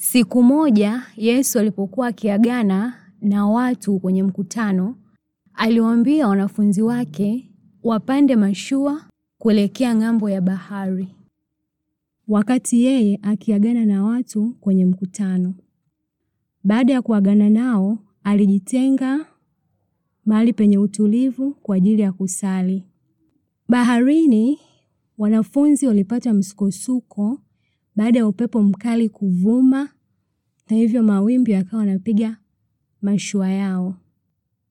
Siku moja Yesu alipokuwa akiagana na watu kwenye mkutano, aliwaambia wanafunzi wake wapande mashua kuelekea ng'ambo ya bahari, wakati yeye akiagana na watu kwenye mkutano. Baada ya kuagana nao, alijitenga mahali penye utulivu kwa ajili ya kusali. Baharini, wanafunzi walipata msukosuko baada ya upepo mkali kuvuma na hivyo mawimbi yakawa wanapiga mashua yao.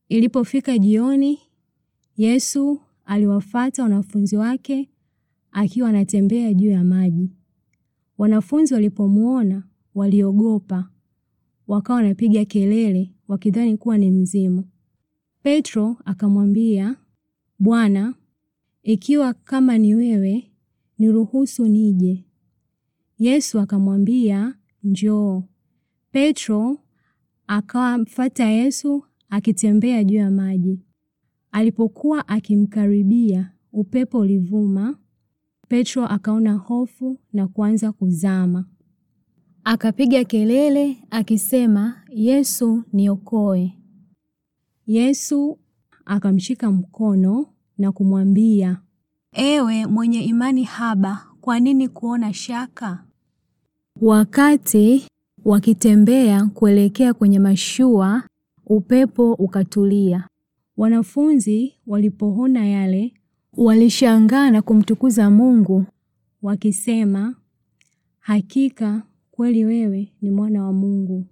Ilipofika jioni, Yesu aliwafata wanafunzi wake akiwa anatembea juu ya maji. Wanafunzi walipomwona waliogopa, wakawa wanapiga kelele wakidhani kuwa ni mzimu. Petro akamwambia, Bwana, ikiwa kama ni wewe, niruhusu nije. Yesu akamwambia njoo. Petro akamfata Yesu akitembea juu ya maji. Alipokuwa akimkaribia, upepo ulivuma. Petro akaona hofu na kuanza kuzama. Akapiga kelele akisema, Yesu niokoe. Yesu akamshika mkono na kumwambia, Ewe mwenye imani haba, kwa nini kuona shaka? Wakati wakitembea kuelekea kwenye mashua, upepo ukatulia. Wanafunzi walipoona yale, walishangaa na kumtukuza Mungu wakisema, hakika kweli wewe ni mwana wa Mungu.